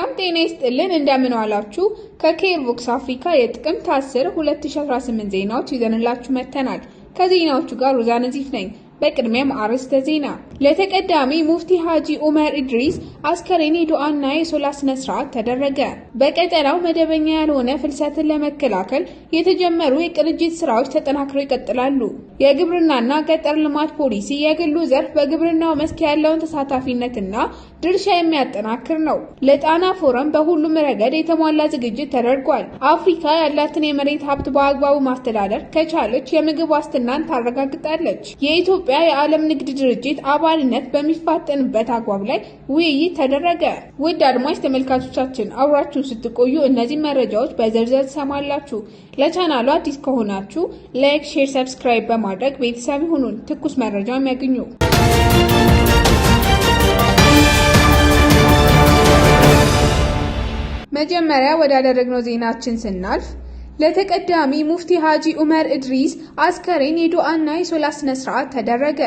ሰላም ጤና ይስጥልን እንደምን ዋላችሁ። ከኬር ቮክስ አፍሪካ የጥቅምት 10 2018 ዜናዎች ይዘንላችሁ መጥተናል። ከዜናዎቹ ጋር ሮዛ ነዚፍ ነኝ። በቅድሚያም አርዕስተ ዜና። ለተቀዳሚ ሙፍቲ ሀጂ ኡመር ኢድሪስ አስከሬን የዱዓና የሶላ ስነ ስርዓት ተደረገ። በቀጠናው መደበኛ ያልሆነ ፍልሰትን ለመከላከል የተጀመሩ የቅንጅት ስራዎች ተጠናክረው ይቀጥላሉ። የግብርናና ገጠር ልማት ፖሊሲ የግሉ ዘርፍ በግብርናው መስክ ያለውን ተሳታፊነትና ድርሻ የሚያጠናክር ነው። ለጣና ፎረም በሁሉም ረገድ የተሟላ ዝግጅት ተደርጓል። አፍሪካ ያላትን የመሬት ሀብት በአግባቡ ማስተዳደር ከቻለች የምግብ ዋስትናን ታረጋግጣለች። የኢትዮጵያ የኢትዮጵያ የዓለም ንግድ ድርጅት አባልነት በሚፋጠንበት አግባብ ላይ ውይይት ተደረገ። ውድ አድማጭ ተመልካቾቻችን አብራችሁን ስትቆዩ እነዚህ መረጃዎች በዝርዝር ትሰማላችሁ። ለቻናሉ አዲስ ከሆናችሁ ላይክ፣ ሼር፣ ሰብስክራይብ በማድረግ ቤተሰብ ይሁኑን ትኩስ መረጃ የሚያገኙ መጀመሪያ ወዳደረግነው ዜናችን ስናልፍ ለተቀዳሚ ሙፍቲ ሀጂ ኡመር እድሪስ አስከሬን የዱዓና የሶላት ስነ ስርዓት ተደረገ።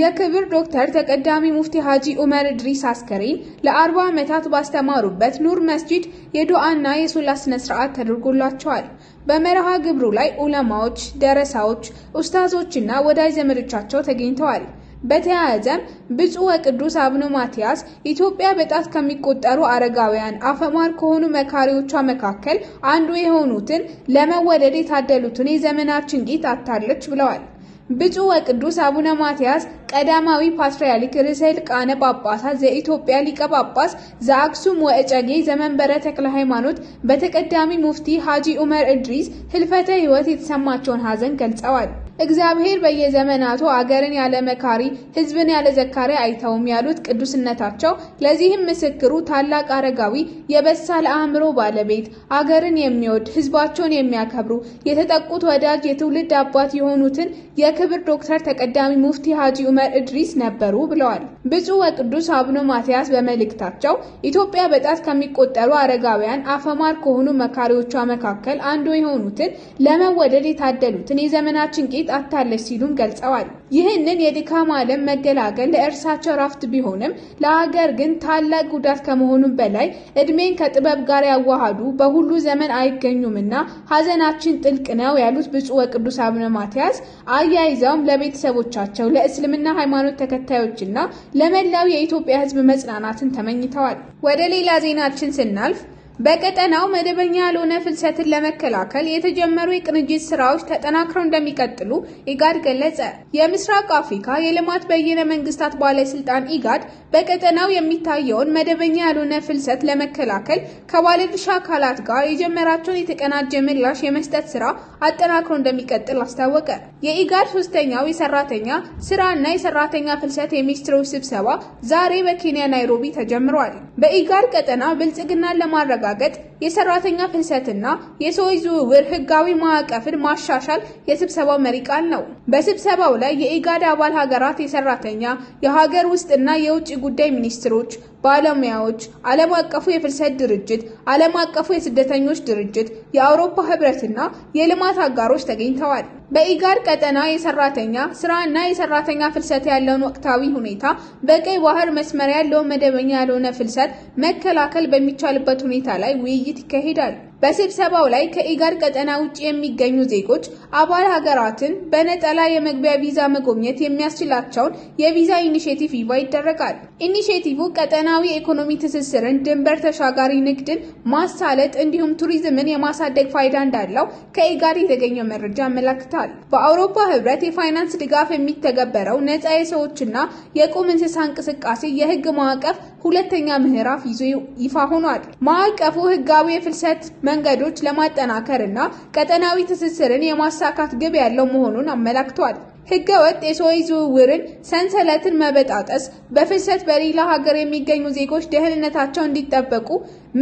የክብር ዶክተር ተቀዳሚ ሙፍቲ ሐጂ ኡመር እድሪስ አስከሬን ለ40 ዓመታት ባስተማሩበት ኑር መስጂድ የዱዓና የሶላት ስነ ስርዓት ተደርጎላቸዋል። በመርሃ ግብሩ ላይ ዑለማዎች፣ ደረሳዎች፣ ኡስታዞችና ወዳጅ ዘመዶቻቸው ተገኝተዋል። በተያያዘም ብፁዕ ወቅዱስ አቡነ ማትያስ ኢትዮጵያ በጣት ከሚቆጠሩ አረጋውያን አፈማር ከሆኑ መካሪዎቿ መካከል አንዱ የሆኑትን ለመወለድ የታደሉትን የዘመናችን ጌጥ አታለች ብለዋል። ብፁዕ ወቅዱስ አቡነ ማትያስ ቀዳማዊ ፓትርያርክ ርዕሰ ሊቃነ ጳጳሳት ዘኢትዮጵያ ሊቀ ጳጳስ ዘአክሱም ወእጨጌ ዘመንበረ ተክለ ሃይማኖት በተቀዳሚ ሙፍቲ ሐጂ ዑመር እድሪስ ህልፈተ ሕይወት የተሰማቸውን ሐዘን ገልጸዋል። እግዚአብሔር በየዘመናቱ አገርን ያለ መካሪ ሕዝብን ያለ ዘካሪ አይተውም ያሉት ቅዱስነታቸው ለዚህም ምስክሩ ታላቅ አረጋዊ የበሳል አእምሮ ባለቤት አገርን የሚወድ ሕዝባቸውን የሚያከብሩ የተጠቁት ወዳጅ የትውልድ አባት የሆኑትን የክብር ዶክተር ተቀዳሚ ሙፍቲ ሀጂ ዑመር እድሪስ ነበሩ ብለዋል። ብፁዕ ወቅዱስ አቡነ ማትያስ በመልእክታቸው ኢትዮጵያ በጣት ከሚቆጠሩ አረጋውያን አፈማር ከሆኑ መካሪዎቿ መካከል አንዱ የሆኑትን ለመወደድ የታደሉትን የዘመናችን ቄስ ጥቂት አታለች ሲሉም ገልጸዋል። ይህንን የድካም ዓለም መገላገል ለእርሳቸው ራፍት ቢሆንም ለሀገር ግን ታላቅ ጉዳት ከመሆኑም በላይ እድሜን ከጥበብ ጋር ያዋሃዱ በሁሉ ዘመን አይገኙምና ሀዘናችን ጥልቅ ነው ያሉት ብፁዕ ወቅዱስ አቡነ ማትያስ አያይዘውም ለቤተሰቦቻቸው ለእስልምና ሃይማኖት ተከታዮችና ለመላው የኢትዮጵያ ሕዝብ መጽናናትን ተመኝተዋል። ወደ ሌላ ዜናችን ስናልፍ በቀጠናው መደበኛ ያልሆነ ፍልሰትን ለመከላከል የተጀመሩ የቅንጅት ስራዎች ተጠናክረው እንደሚቀጥሉ ኢጋድ ገለጸ። የምስራቅ አፍሪካ የልማት በይነ መንግስታት ባለስልጣን ኢጋድ በቀጠናው የሚታየውን መደበኛ ያልሆነ ፍልሰት ለመከላከል ከባለድርሻ አካላት ጋር የጀመራቸውን የተቀናጀ ምላሽ የመስጠት ስራ አጠናክሮ እንደሚቀጥል አስታወቀ። የኢጋድ ሶስተኛው የሰራተኛ ስራና የሰራተኛ ፍልሰት የሚኒስትሮች ስብሰባ ዛሬ በኬንያ ናይሮቢ ተጀምሯል። በኢጋድ ቀጠና ብልጽግናን ለማድረግ ማረጋገጥ፣ የሰራተኛ ፍልሰትና የሰዎች ዝውውር ህጋዊ ማዕቀፍን ማሻሻል የስብሰባው መሪ ቃል ነው። በስብሰባው ላይ የኢጋድ አባል ሀገራት የሰራተኛ፣ የሀገር ውስጥና የውጭ ጉዳይ ሚኒስትሮች ባለሙያዎች፣ ዓለም አቀፉ የፍልሰት ድርጅት፣ ዓለም አቀፉ የስደተኞች ድርጅት፣ የአውሮፓ ህብረትና የልማት አጋሮች ተገኝተዋል። በኢጋድ ቀጠና የሰራተኛ ስራና የሰራተኛ ፍልሰት ያለውን ወቅታዊ ሁኔታ፣ በቀይ ባህር መስመር ያለውን መደበኛ ያልሆነ ፍልሰት መከላከል በሚቻልበት ሁኔታ ላይ ውይይት ይካሄዳል። በስብሰባው ላይ ከኢጋድ ቀጠና ውጭ የሚገኙ ዜጎች አባል ሀገራትን በነጠላ የመግቢያ ቪዛ መጎብኘት የሚያስችላቸውን የቪዛ ኢኒሽቲቭ ይፋ ይደረጋል። ኢኒሽቲቭ ቀጠናዊ የኢኮኖሚ ትስስርን፣ ድንበር ተሻጋሪ ንግድን ማሳለጥ እንዲሁም ቱሪዝምን የማሳደግ ፋይዳ እንዳለው ከኢጋድ የተገኘው መረጃ ያመላክታል። በአውሮፓ ህብረት የፋይናንስ ድጋፍ የሚተገበረው ነፃ የሰዎችና የቁም እንስሳ እንቅስቃሴ የህግ ማዕቀፍ ሁለተኛ ምዕራፍ ይዞ ይፋ ሆኗል። ማዕቀፉ ህጋዊ የፍልሰት መንገዶች ለማጠናከር እና ቀጠናዊ ትስስርን የማሳካት ግብ ያለው መሆኑን አመላክቷል። ህገ ወጥ የሰዎች ዝውውርን ሰንሰለትን መበጣጠስ በፍሰት በሌላ ሀገር የሚገኙ ዜጎች ደህንነታቸው እንዲጠበቁ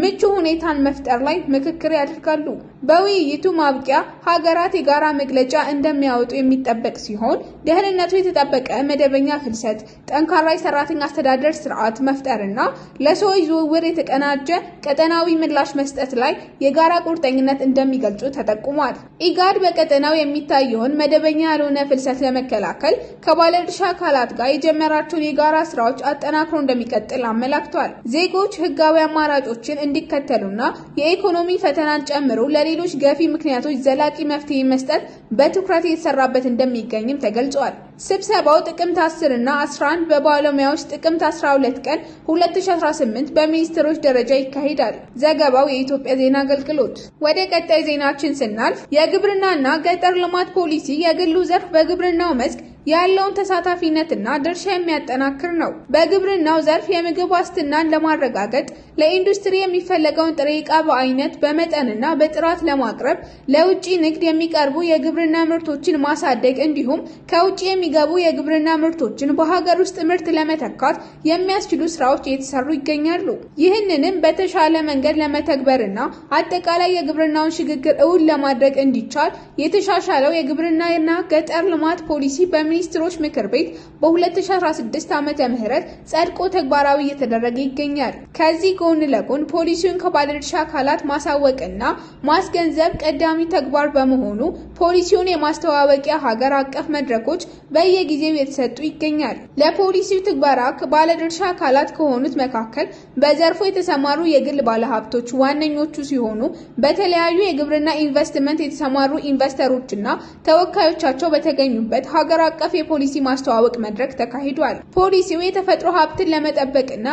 ምቹ ሁኔታን መፍጠር ላይ ምክክር ያደርጋሉ። በውይይቱ ማብቂያ ሀገራት የጋራ መግለጫ እንደሚያወጡ የሚጠበቅ ሲሆን ደህንነቱ የተጠበቀ መደበኛ ፍልሰት፣ ጠንካራ የሰራተኛ አስተዳደር ስርዓት መፍጠርና ለሰዎች ዝውውር የተቀናጀ ቀጠናዊ ምላሽ መስጠት ላይ የጋራ ቁርጠኝነት እንደሚገልጹ ተጠቁሟል። ኢጋድ በቀጠናው የሚታየውን መደበኛ ያልሆነ ፍልሰት ለመከላከል ከባለድርሻ አካላት ጋር የጀመራቸውን የጋራ ስራዎች አጠናክሮ እንደሚቀጥል አመላክቷል። ዜጎች ህጋዊ አማራጮችን እንዲከተሉና የኢኮኖሚ ፈተናን ጨምሮ ለሌሎች ገፊ ምክንያቶች ዘላቂ መፍትሄ መስጠት በትኩረት የተሰራበት እንደሚገኝም ተገልጿል። ስብሰባው ጥቅምት 10 እና 11 በባለሙያዎች ጥቅምት 12 ቀን 2018 በሚኒስትሮች ደረጃ ይካሄዳል። ዘገባው የኢትዮጵያ ዜና አገልግሎት። ወደ ቀጣይ ዜናችን ስናልፍ የግብርናና ገጠር ልማት ፖሊሲ የግሉ ዘርፍ በግብርናው መስክ ያለውን ተሳታፊነትና ድርሻ የሚያጠናክር ነው። በግብርናው ዘርፍ የምግብ ዋስትናን ለማረጋገጥ ለኢንዱስትሪ የሚፈለገውን ጥሬ ዕቃ በአይነት በመጠንና በጥራት ለማቅረብ ለውጭ ንግድ የሚቀርቡ የግብርና ምርቶችን ማሳደግ እንዲሁም ከውጭ የሚገቡ የግብርና ምርቶችን በሀገር ውስጥ ምርት ለመተካት የሚያስችሉ ስራዎች እየተሰሩ ይገኛሉ። ይህንንም በተሻለ መንገድ ለመተግበርና አጠቃላይ የግብርናውን ሽግግር እውን ለማድረግ እንዲቻል የተሻሻለው የግብርናና ገጠር ልማት ፖሊሲ በሚ የሚኒስትሮች ምክር ቤት በ2016 ዓመተ ምህረት ጸድቆ ተግባራዊ እየተደረገ ይገኛል። ከዚህ ጎን ለጎን ፖሊሲውን ከባለድርሻ አካላት ማሳወቅና ማስገንዘብ ቀዳሚ ተግባር በመሆኑ ፖሊሲውን የማስተዋወቂያ ሀገር አቀፍ መድረኮች በየጊዜው የተሰጡ ይገኛል። ለፖሊሲው ትግበራ ባለድርሻ አካላት ከሆኑት መካከል በዘርፉ የተሰማሩ የግል ባለሀብቶች ዋነኞቹ ሲሆኑ በተለያዩ የግብርና ኢንቨስትመንት የተሰማሩ ኢንቨስተሮችና ተወካዮቻቸው በተገኙበት ሀገር አቀፍ አቀፍ የፖሊሲ ማስተዋወቅ መድረክ ተካሂዷል። ፖሊሲው የተፈጥሮ ሀብትን ለመጠበቅና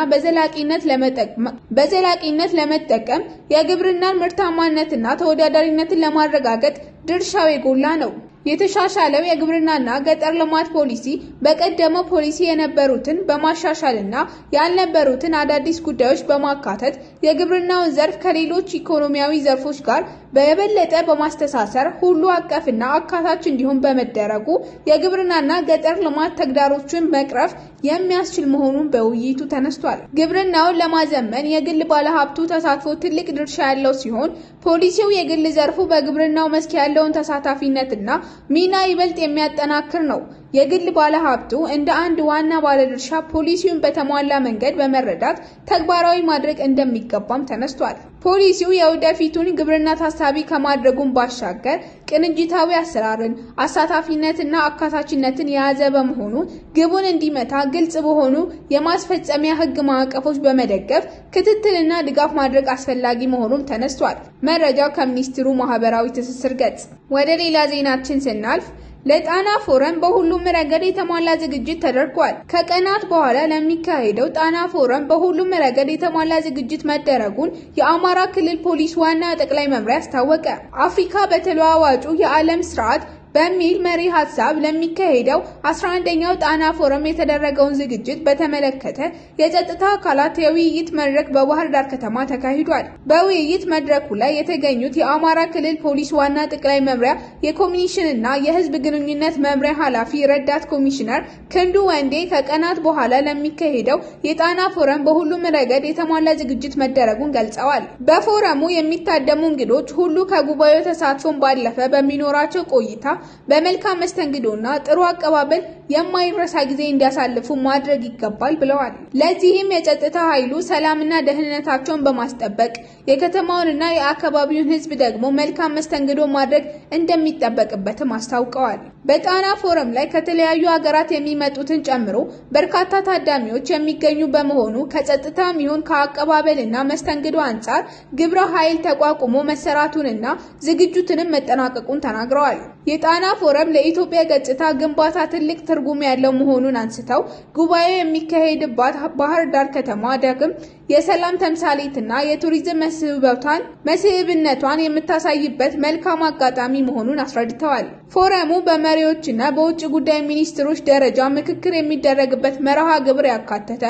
በዘላቂነት ለመጠቀም የግብርናን ምርታማነትና ተወዳዳሪነትን ለማረጋገጥ ድርሻው የጎላ ነው። የተሻሻለው የግብርናና ገጠር ልማት ፖሊሲ በቀደመው ፖሊሲ የነበሩትን በማሻሻልና ያልነበሩትን አዳዲስ ጉዳዮች በማካተት የግብርናውን ዘርፍ ከሌሎች ኢኮኖሚያዊ ዘርፎች ጋር በየበለጠ በማስተሳሰር ሁሉ አቀፍና አካታች እንዲሆን በመደረጉ የግብርናና ገጠር ልማት ተግዳሮችን መቅረፍ የሚያስችል መሆኑን በውይይቱ ተነስቷል። ግብርናውን ለማዘመን የግል ባለሀብቱ ተሳትፎ ትልቅ ድርሻ ያለው ሲሆን ፖሊሲው የግል ዘርፉ በግብርናው መስክ ያለውን ተሳታፊነትና ሚና ይበልጥ የሚያጠናክር ነው። የግል ባለሀብቱ እንደ አንድ ዋና ባለድርሻ ፖሊሲውን በተሟላ መንገድ በመረዳት ተግባራዊ ማድረግ እንደሚገባም ተነስቷል። ፖሊሲው የወደፊቱን ግብርና ታሳቢ ከማድረጉን ባሻገር ቅንጅታዊ አሰራርን፣ አሳታፊነትና አካታችነትን የያዘ በመሆኑ ግቡን እንዲመታ ግልጽ በሆኑ የማስፈጸሚያ ሕግ ማዕቀፎች በመደገፍ ክትትልና ድጋፍ ማድረግ አስፈላጊ መሆኑም ተነስቷል። መረጃው ከሚኒስትሩ ማህበራዊ ትስስር ገጽ። ወደ ሌላ ዜናችን ስናልፍ ለጣና ፎረም በሁሉም ረገድ የተሟላ ዝግጅት ተደርጓል። ከቀናት በኋላ ለሚካሄደው ጣና ፎረም በሁሉም ረገድ የተሟላ ዝግጅት መደረጉን የአማራ ክልል ፖሊስ ዋና ጠቅላይ መምሪያ አስታወቀ። አፍሪካ በተለዋዋጩ የዓለም ስርዓት በሚል መሪ ሀሳብ ለሚካሄደው 11ኛው ጣና ፎረም የተደረገውን ዝግጅት በተመለከተ የጸጥታ አካላት የውይይት መድረክ በባህር ዳር ከተማ ተካሂዷል። በውይይት መድረኩ ላይ የተገኙት የአማራ ክልል ፖሊስ ዋና ጠቅላይ መምሪያ የኮሚኒኬሽንና የሕዝብ ግንኙነት መምሪያ ኃላፊ ረዳት ኮሚሽነር ክንዱ ወንዴ ከቀናት በኋላ ለሚካሄደው የጣና ፎረም በሁሉም ረገድ የተሟላ ዝግጅት መደረጉን ገልጸዋል። በፎረሙ የሚታደሙ እንግዶች ሁሉ ከጉባኤው ተሳትፎን ባለፈ በሚኖራቸው ቆይታ በመልካም መስተንግዶና ጥሩ አቀባበል የማይረሳ ጊዜ እንዲያሳልፉ ማድረግ ይገባል ብለዋል። ለዚህም የጸጥታ ኃይሉ ሰላምና ደህንነታቸውን በማስጠበቅ የከተማውንና የአካባቢውን ሕዝብ ደግሞ መልካም መስተንግዶ ማድረግ እንደሚጠበቅበትም አስታውቀዋል። በጣና ፎረም ላይ ከተለያዩ ሀገራት የሚመጡትን ጨምሮ በርካታ ታዳሚዎች የሚገኙ በመሆኑ ከጸጥታ ሚሆን ከአቀባበልና መስተንግዶ አንጻር ግብረ ኃይል ተቋቁሞ መሰራቱንና ዝግጁትንም መጠናቀቁን ተናግረዋል። የጣና ፎረም ለኢትዮጵያ ገጽታ ግንባታ ትልቅ ትርጉም ያለው መሆኑን አንስተው ጉባኤው የሚካሄድባት ባህር ዳር ከተማ ዳግም የሰላም ተምሳሌትና የቱሪዝም መስህብቷን መስህብነቷን የምታሳይበት መልካም አጋጣሚ መሆኑን አስረድተዋል። ፎረሙ በመሪዎችና በውጭ ጉዳይ ሚኒስትሮች ደረጃ ምክክር የሚደረግበት መርሃ ግብር ያካተተ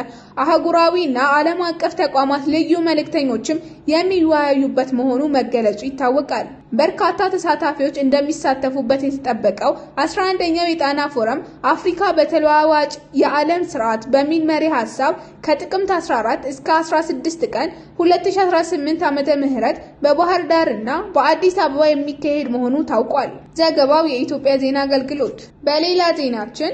አህጉራዊና ዓለም አቀፍ ተቋማት ልዩ መልእክተኞችም የሚወያዩበት መሆኑ መገለጹ ይታወቃል። በርካታ ተሳታፊዎች እንደሚሳተፉበት የተጠበቀው 11ኛው የጣና ፎረም አፍሪካ በተለዋዋጭ የዓለም ስርዓት በሚል መሪ ሀሳብ ከጥቅምት 14 እስከ 16 ቀን 2018 ዓመተ በባህር ዳር እና በአዲስ አበባ የሚካሄድ መሆኑ ታውቋል። ዘገባው የኢትዮጵያ ዜና አገልግሎት። በሌላ ዜናችን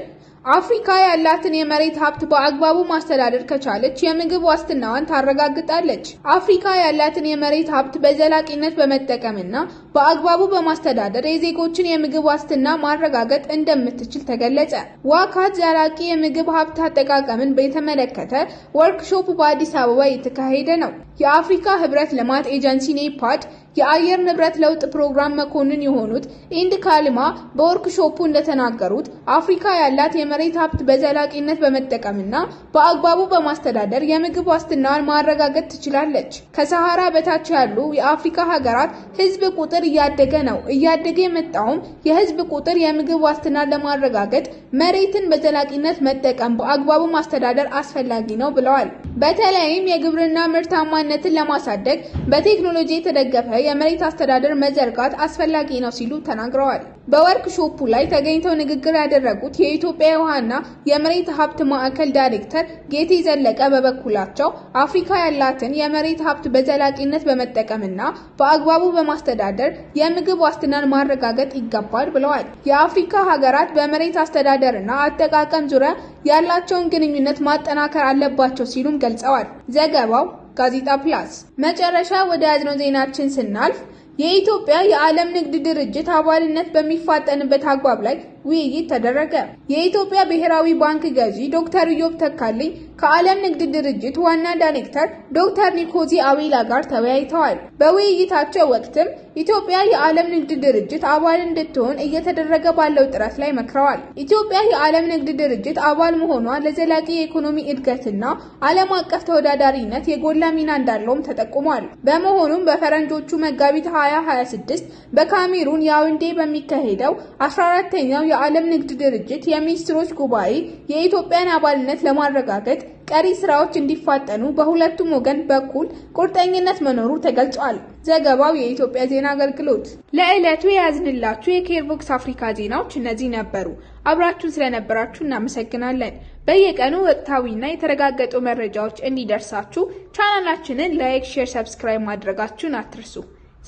አፍሪካ ያላትን የመሬት ሀብት በአግባቡ ማስተዳደር ከቻለች የምግብ ዋስትናዋን ታረጋግጣለች። አፍሪካ ያላትን የመሬት ሀብት በዘላቂነት በመጠቀምና በአግባቡ በማስተዳደር የዜጎችን የምግብ ዋስትና ማረጋገጥ እንደምትችል ተገለጸ። ዋካት ዘላቂ የምግብ ሀብት አጠቃቀምን በተመለከተ ወርክሾፕ በአዲስ አበባ እየተካሄደ ነው። የአፍሪካ ህብረት ልማት ኤጀንሲ ኔፓድ የአየር ንብረት ለውጥ ፕሮግራም መኮንን የሆኑት ኢንድ ካልማ በወርክሾፑ እንደተናገሩት አፍሪካ ያላት የመሬት ሀብት በዘላቂነት በመጠቀምና በአግባቡ በማስተዳደር የምግብ ዋስትናዋን ማረጋገጥ ትችላለች። ከሰሃራ በታች ያሉ የአፍሪካ ሀገራት ህዝብ ቁጥር እያደገ ነው። እያደገ የመጣውም የህዝብ ቁጥር የምግብ ዋስትናን ለማረጋገጥ መሬትን በዘላቂነት መጠቀም፣ በአግባቡ ማስተዳደር አስፈላጊ ነው ብለዋል። በተለይም የግብርና ምርታማነትን ለማሳደግ በቴክኖሎጂ የተደገፈ የመሬት አስተዳደር መዘርጋት አስፈላጊ ነው ሲሉ ተናግረዋል። በወርክሾፑ ላይ ተገኝተው ንግግር ያደረጉት የኢትዮጵያ ውሃና የመሬት ሀብት ማዕከል ዳይሬክተር ጌቴ ዘለቀ በበኩላቸው አፍሪካ ያላትን የመሬት ሀብት በዘላቂነት በመጠቀምና በአግባቡ በማስተዳደር የምግብ ዋስትናን ማረጋገጥ ይገባል ብለዋል። የአፍሪካ ሀገራት በመሬት አስተዳደርና አጠቃቀም ዙሪያ ያላቸውን ግንኙነት ማጠናከር አለባቸው ሲሉም ገልጸዋል። ዘገባው ጋዜጣ ፕላስ። መጨረሻ ወደ ያዝነው ዜናችን ስናልፍ የኢትዮጵያ የዓለም ንግድ ድርጅት አባልነት በሚፋጠንበት አግባብ ላይ ውይይት ተደረገ። የኢትዮጵያ ብሔራዊ ባንክ ገዢ ዶክተር ኢዮብ ተካልኝ ከዓለም ንግድ ድርጅት ዋና ዳይሬክተር ዶክተር ኒኮዚ አዊላ ጋር ተወያይተዋል። በውይይታቸው ወቅትም ኢትዮጵያ የዓለም ንግድ ድርጅት አባል እንድትሆን እየተደረገ ባለው ጥረት ላይ መክረዋል። ኢትዮጵያ የዓለም ንግድ ድርጅት አባል መሆኗ ለዘላቂ የኢኮኖሚ እድገትና ዓለም አቀፍ ተወዳዳሪነት የጎላ ሚና እንዳለውም ተጠቁሟል። በመሆኑም በፈረንጆቹ መጋቢት 2026 በካሜሩን ያውንዴ በሚካሄደው 14ተኛው የዓለም ንግድ ድርጅት የሚኒስትሮች ጉባኤ የኢትዮጵያን አባልነት ለማረጋገጥ ቀሪ ስራዎች እንዲፋጠኑ በሁለቱም ወገን በኩል ቁርጠኝነት መኖሩ ተገልጿል። ዘገባው የኢትዮጵያ ዜና አገልግሎት። ለዕለቱ የያዝንላችሁ የኬርቦክስ አፍሪካ ዜናዎች እነዚህ ነበሩ። አብራችሁን ስለነበራችሁ እናመሰግናለን። በየቀኑ ወቅታዊና የተረጋገጡ መረጃዎች እንዲደርሳችሁ ቻናላችንን ላይክ፣ ሼር፣ ሰብስክራይብ ማድረጋችሁን አትርሱ።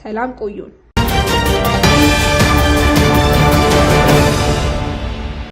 ሰላም ቆዩን።